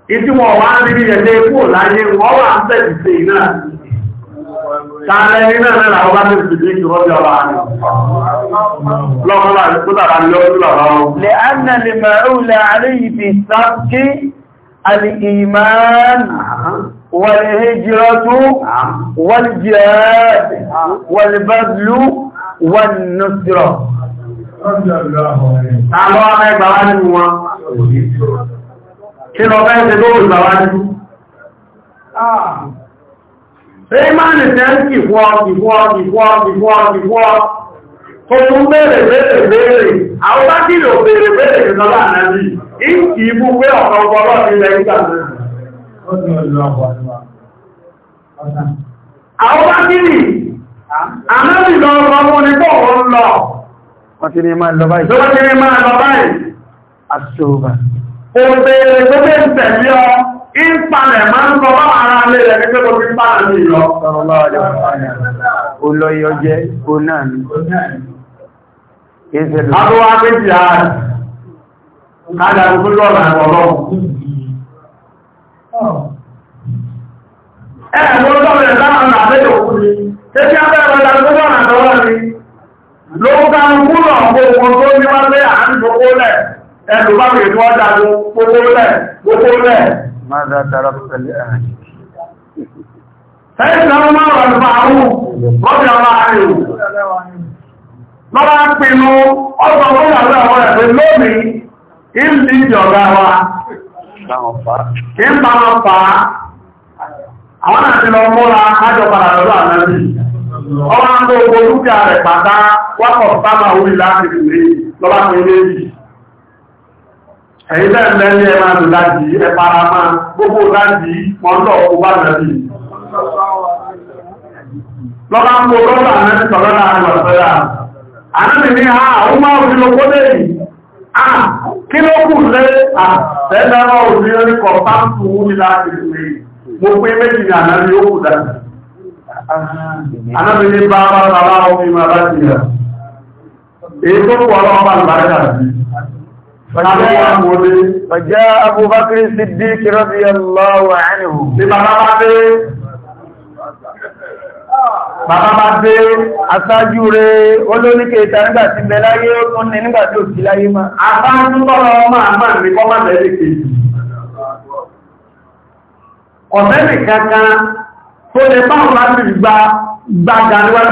ìtumọ̀ wá níbi ẹ̀lẹ́ ikú láyé wọ́n wà ń tẹ̀lé sí iná tààrẹ iná náà làwọn bá tẹ̀lé ṣe kí wọ́n bí ọba rẹ̀ lọ́kọ́lá tó tàbá ní ọdún lọ́wọ́. lè ánà lè mẹ́rù lè àríyí fi sáàkì al'iman wàlìhìjìrọ́tú wàlìjìrọ́tú wàlìbàdlú wàlìnàṣírọ̀ kí lọ bá ẹgbẹ́ lóòrùn ìbàwájú Rímánì tẹ́ ń kìfọ́ kìfọ́ kìfọ́ kìfọ́ kìfọ́ tó tún bèèrè bèèrè bèèrè àwọn bá kí lò bèèrè bèèrè ìrọ̀lá ànábì ìkì ibú pé ọ̀pọ̀ ọgbọ̀rọ̀ ti ní òbèrè tó tẹ́ tẹ̀lé ọ ìpalẹ̀ máa ń sọ bá ara alẹ́ rẹ̀ pípẹ́ tó fi bá àmì lọ. olóyọ jẹ́ onáà ni àbúwá méjì ààrẹ káàdà tó lọ́rọ̀ ọ̀rọ̀ ẹ̀ẹ̀mọ́ lọ́rẹ̀ láàrín àbẹ́yọ̀ fún mi tẹ́tí abẹ́rẹ̀ lọ́rọ̀ àtọwọ́ mi ló ń ká ń kúrọ̀ ọ̀pọ̀ òkun tó ní wá pé àárín gbogbo lẹ̀ ẹlù bá rèé wọ́n dànù gbogbo rẹ̀ gbogbo rẹ̀. Máza tara pẹ̀lú ààrẹ. Ẹ̀yìn náà máa rọ̀ nípa àrùn lọ́bí ọmọ ààrẹ. Lọ́bá ń pinnu ọgbọ̀n fún ìyàwó ẹ̀yìn bẹ́ẹ̀ bẹ́ẹ̀ ní ẹmà tó láti máa gbogbo ah, ah, ah, láti mọ́tọ̀ kó nàbí lọ́la ń kó lọ́la àti sọ̀rọ̀lá àgbàsọ́lá àti ní ha kí bá bá bá bá ọmọ ìmọ̀ láti rẹ̀ èyí tó ọlọ́pàá ìbára Ọjọ́ Abubakar Siddiq radiyallahu anhu. Bí bàbá bá dé, bàbá bá dé, aṣáájú rẹ̀ olóníkè ìta nígbà tí bẹ láyé fún ní nígbà tí ò sí láyé máa. Aṣáájú tọ́rọ máa máa rí kọ́ máa lẹ́lẹ́ kejì. Ọ̀sẹ́lì tó lè báwọn láti gba gbága níwájú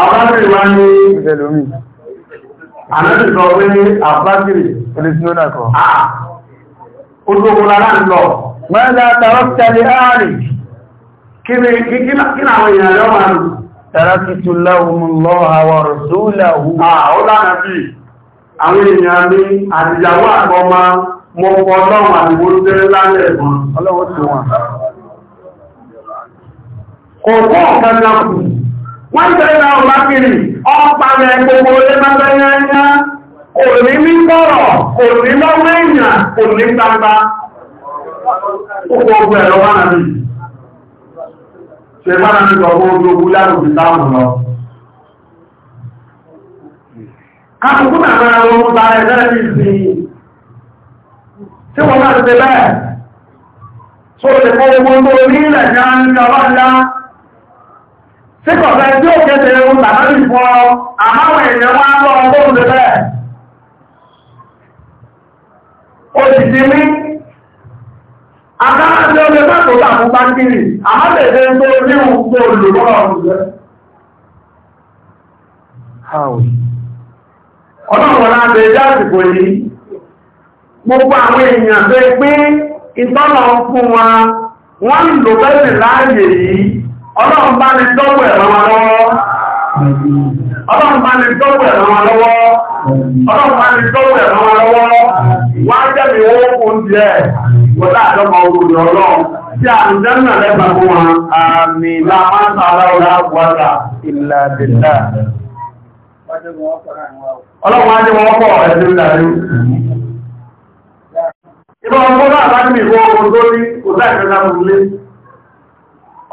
àbáṣìrì wá ní ìjẹ̀lómi àmẹ́sì sọ pé àbáṣìrì olùsínúnà kan ah, olùgbòkúnlára ń lọ mẹ́lá tàrọ́kítàlẹ̀ ààrẹ̀ kí láwọn èèyàn lọ́wọ́ àwọn èèyàn ní ah, àtìyàwó àgbọ́mà kò ọ̀kan náà wọ́n tẹ́lẹ̀ náà bá kiri ọpa rẹ̀ gbogbo olé bábẹ́ yányá kò ní ní kọ́rọ̀ kò ní lọ́wọ́ èèyàn kò ní gbangba púpọ̀ ọgbẹ̀ ẹ̀rọ wà náà nìyí ṣe bá náà nìyí ọgbọ́ ojú ogun láàrùn ti táàmù lọ káàkùkù náà máa wọ́n mú bá ẹ̀rẹ́ ní ìsìn ogun tó ní Síkọ̀fẹ́ tí ó kéde ohun tàbí fún ọ, àmáwọn èèyàn wá ń lọ ọgbọ́n lè bẹ́ẹ̀. Ó sì ti ní, àkáwà tí ó lè bá tó tàbí bá kiri, àmá lè dé tó gbogbo àwọn èèyàn tó ìtọ́nà fún wa, wọ́n lò bẹ́ẹ̀ láàyè Ọlọ́run bá ní dọ́gbọ̀ ẹ̀rọ wa lọ́wọ́. Ọlọ́run bá ní dọ́gbọ̀ ẹ̀rọ wa lọ́wọ́. Ọlọ́run bá ní dọ́gbọ̀ ẹ̀rọ wa lọ́wọ́. Wá jẹ́bi owó fún olùdó ọlọ́run tí fún wọn. Àmì Ọlọ́run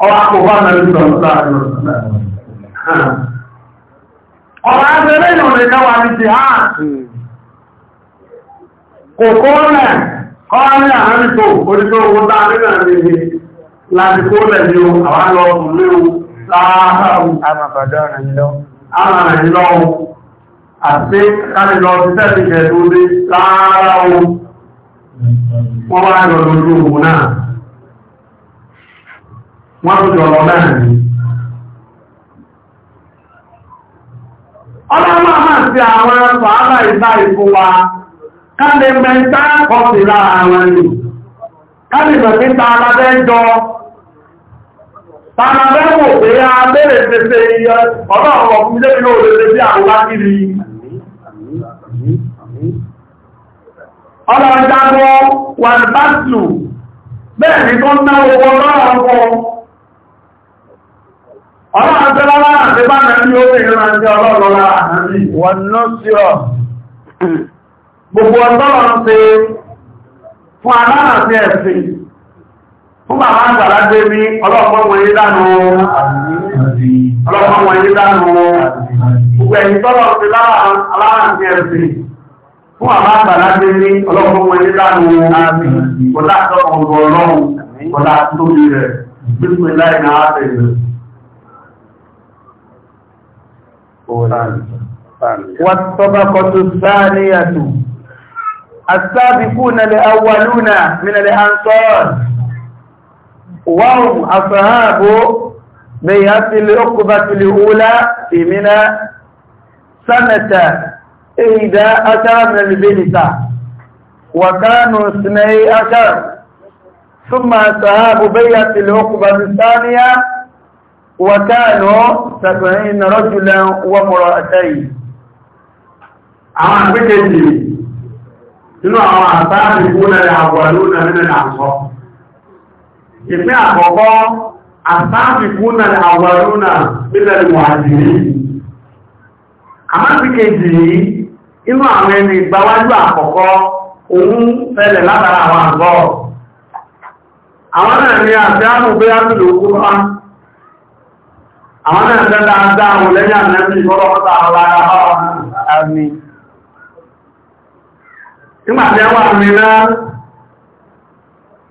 ọwọ́ àpòbá ọ̀rọ̀ abẹ́rẹ́ ìrọ̀lẹ́ káwà ní ti hàn kò kó lẹ̀ kọ́lẹ̀ àárínkò orílẹ̀ owó dáadé náà ní láti kó lẹ̀ ní àwọn lọ ilé láàárín àmàbàdọ́ àrìnlọ́ àti wọ́n tó jọ ní. ọlọ́wọ́ máa ti àwọn sàábà ìbá ìfún wa káàlẹ̀ mẹ́ta kọfì lára àwọn ẹni káàlẹ̀ mẹ́ta tààlàbẹ́ jọ tààlàbẹ́ wò pé a bẹ̀rẹ̀ pẹ̀sẹ̀ iye ọlọ́ọ̀rọ̀ fún Ọlọ́run tó lọ́wọ́ àti bá mẹ́ ní orí ìran jẹ́ ọlọ́run lára àmì wọn ní ṣíọ̀. Gbogbo ọlọ́run ṣe fún aláàrùn sí ẹ̀sìn. Fún bàbá àgbàlá dé ní ọlọ́pọ̀ wọ̀nyí dánú ọlọ́pọ̀ wọ̀nyí dánú gbogbo ẹ̀yìn tọ́lọ̀ sí aláàrùn sí ẹ̀sìn. Fún bàbá àgbàlá dé ní ọlọ́pọ̀ wọ̀nyí dánú kọlá àtọ́kọ̀ ọlọ́run والطبقة الثانية السابقون الأولون من الأنصار وهم أصحاب بيعة العقبة الأولى في منى سنة إحدى عشر من البعثة وكانوا اثني عشر ثم أصحاب بيعة العقبة الثانية وكانوا سبعين رجلا ومرأتين àwọn àpékèjì nínú àwọn àtàrí ìpínlẹ̀ àwọ̀lúnà nínú àṣọ ìpín àkọ́kọ́ àtàrí ìpínlẹ̀ àwọ̀lúnà àwọn àpékèjì àwọn ẹni ìgbàwájú àkọ́kọ́ òun fẹ́lẹ̀ àwọn náà tẹ́ dáadáa wò lẹ́yìn àmẹ́bí ìfọ́lọ́ pọ́ta àmì nígbàtí ẹwà mi náà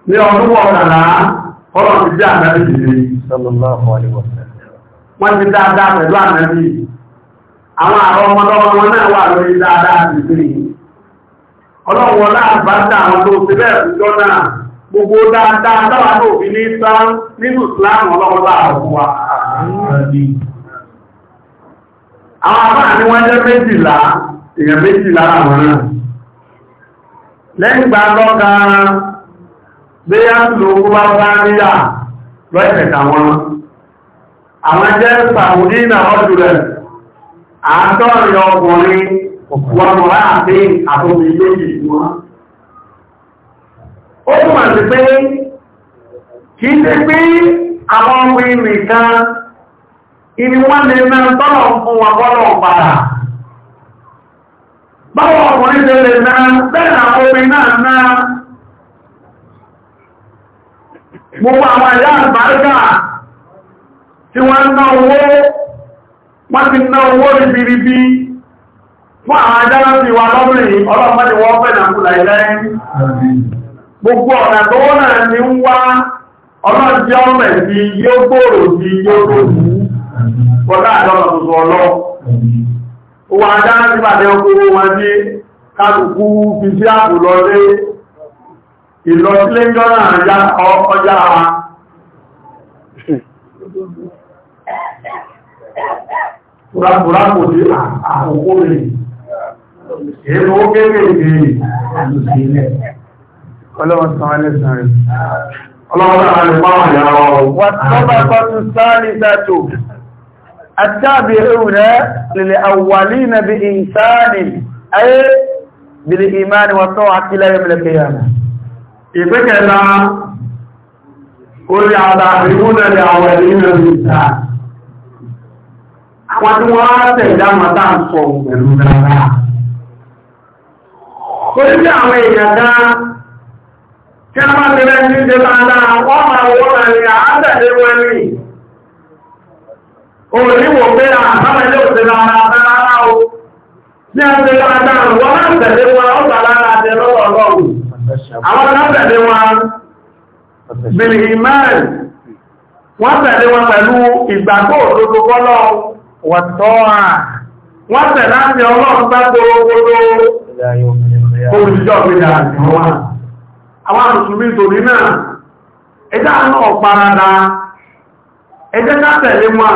ní ọdún wọ̀kànlá ọ̀rọ̀ ti jẹ́ àmẹ́bí ìrìn wọ́n ti dáadáa pẹ̀lú àmẹ́bí àwọn àrọ ọmọdọ́wọ́ wọn náà wà lórí dáadáa Àwọn àbá ni wọ́n jẹ́ méjìlá, èèyàn méjìlá àwọn náà. Lẹ́yìn gbà lọ́ka bí á lò ó bá bá níyà lọ́ẹ̀kẹ̀kà wọn. Àwọn jẹ́ Sàúdí náà ọdún rẹ̀, àádọ́rin ọkùnrin wọn mọ̀ láàbí méjì wọn. Ó túnmà ìní wọ́n lè mẹ́rin tọ́lọ̀ fún wọn bọ́lọ̀ padà báwọn ọkùnrin tẹ lè bẹ́ẹ̀ na omi náà náà gbogbo àwọn ìyá àbáríkà tí wọ́n ná owó wọ́n ti ná owó ribiribi fún àwọn ajára ti wà lọ́bìnrin ọlọ́pàá wọ́n fẹ́ nà kúlà ilẹ̀ gbogbo ọ̀nà tó wọ́n náà ń wá Bọ́lá àjọ́mọ̀ tuntun dá nígbàtẹ́ okòrò wọn ní sí àpò lọlé ìlọsílé jọ́nà ọjà wa. Kùràkùrà kò Ọlọ́run rẹ̀. Ọlọ́run rẹ̀. tọ́bà kọ́ tún sáà التابعون للأولين بإنسان أي بالإيمان والطاعة إلى يوم القيامة ìgbẹ́kẹ̀lá orí àtàríwúnà lè àwọn ìlú ìta àwọn tí wọ́n á tẹ̀dá màtà ń sọ pẹ̀lú dáadáa orí bí àwọn èèyàn dá tí a máa tẹ̀lẹ́ ní ìjẹ́ dáadáa wọ́n máa wọ́n rẹ̀ ní àádẹ́lẹ́wẹ́lì òníwò pé àbára ilé òṣè lára rárá o ní àti dáadáa wọ́n náà tẹ̀lé wọn ó bà lára àti lọ́wọ́ ọlọ́run àwọn náà tẹ̀lé wọn bìrì ìmáàlì wọn tẹ̀lé wọn pẹ̀lú ìgbàgbọ́ òdodo bọ́lọ́ wọ̀tọ́ à wọ́n tẹ̀lé àti ọlọ́run bá gbogbogbò àwọn àtùsùnmí náà ẹjẹ́ ká tẹ̀lé wọn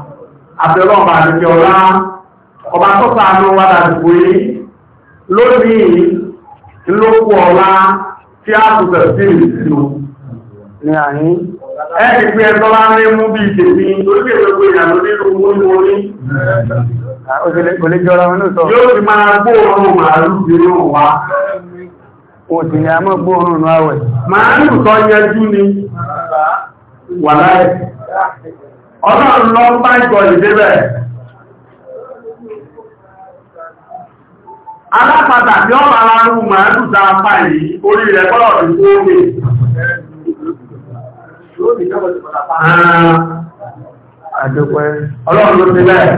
àbẹ̀lọ́ọ̀bà àdìkẹ́ ọlá ọba tó sàánú wà dàdìkú yìí lónìí lókù ọlá tí a tún tẹ̀sí ìsinú ní àyín ẹni pé ẹ̀tọ́ bá ní mú bí ìtẹ̀sí orílẹ̀-èdè ìyàwó nínú orí orí yóò ti máa gbóòrùn màálù nínú wa òtì ni a mọ́ gbóòrùn nù àwẹ̀ màálù tọ́ yẹjú ni wà láì ọlọ́run lọ bá jọ ìdébẹ̀ alápàtà tí ó bára rú màálù dá apá yìí orí rẹ̀ kọ́lọ̀ rí tó ọlọ́run ló ti bẹ́ẹ̀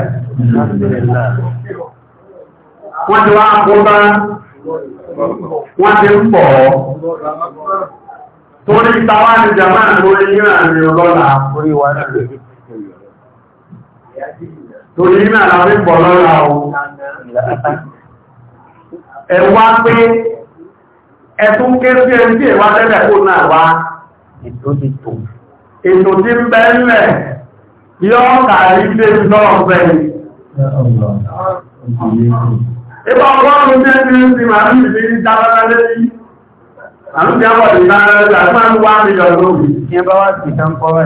wọ́n ti wá kó bá wọ́n ti ń pọ̀ torí torí náà la fi pọ̀ lọ́la o ẹ wá pé ẹ̀tún kéré sí ẹni tí ìwá tẹ́lẹ̀ kó náà wá ètò ti tò ètò ti ń bẹ́ẹ̀lẹ̀ yọ́ kàrí dé lọ́rọ̀ bẹ́ẹ̀ Ibá ọgọ́rùn-ún jẹ́ ti ń ti màá ní ìlú dábára lẹ́yìn. Àrùn jẹ́ wọ̀dì náà rẹ̀ àti máa ń wá mílíọ̀nù lórí. Ìyẹn bá wá sí ìtàn pọ́wẹ́.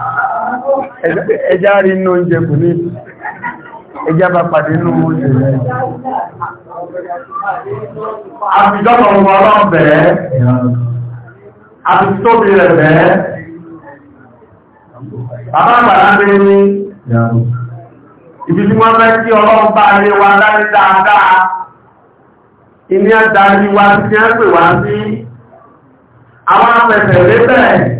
ẹjá rí inú oúnjẹ kò ní ẹjá bá pàdé inú oúnjẹ rẹ̀ àbìjọ́pọ̀ ọmọ ọlọ́run bẹ̀ẹ́ àbìtóbi rẹ̀ bẹ̀ẹ́ bàbá àgbàlá bẹ̀ẹ́ ní ibi tí wọ́n fẹ́ kí ọlọ́run bá lé wa láti dáadáa wa wá sí àwọn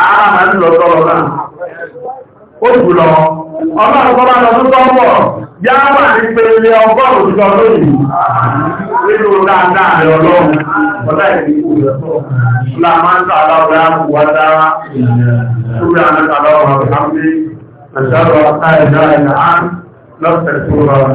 àárá máa ń lọ sọ́rọ̀ náà ó jù lọ ọmọ àgbọ́bá lọ tó tọ́pọ̀ yá wà ní pẹ̀lẹ̀ ọgọ́rùn jọ lónìí nínú dáadáa rẹ̀ ọlọ́run ọ̀dá ìdíkù rẹ̀ sọ́ọ̀lá máa ń tà láwọ́dá wà dára ṣúgbẹ́ àmẹ́ta lọ́wọ́